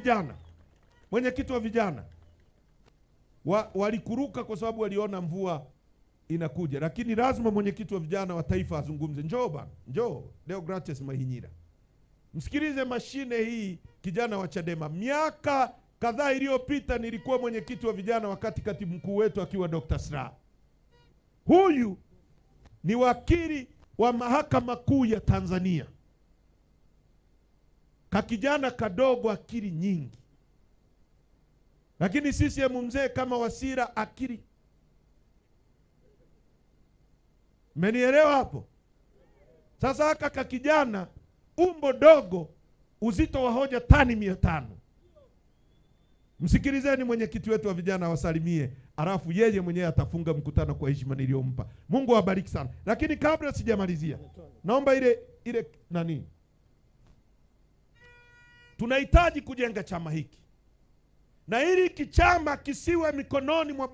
vijana, mwenyekiti wa vijana wa, walikuruka kwa sababu waliona mvua inakuja, lakini lazima mwenyekiti wa vijana wa taifa azungumze. Njoo bana, njoo Deogratias Mahinyira, msikilize mashine hii, kijana wa Chadema. Miaka kadhaa iliyopita nilikuwa mwenyekiti wa vijana wakati katibu mkuu wetu akiwa Dr. sra Huyu ni wakili wa mahakama kuu ya Tanzania kakijana kadogo, akili nyingi, lakini CCM mzee kama Wasira akili. Mmenielewa hapo? Sasa haka kakijana umbo dogo, uzito wa hoja tani mia tano. Msikilizeni mwenyekiti wetu wa vijana awasalimie, alafu yeye mwenyewe atafunga mkutano kwa heshima niliyompa. Mungu awabariki sana, lakini kabla sijamalizia, naomba ile ile nani tunahitaji kujenga chama hiki, na ili kichama kisiwe mikononi mwa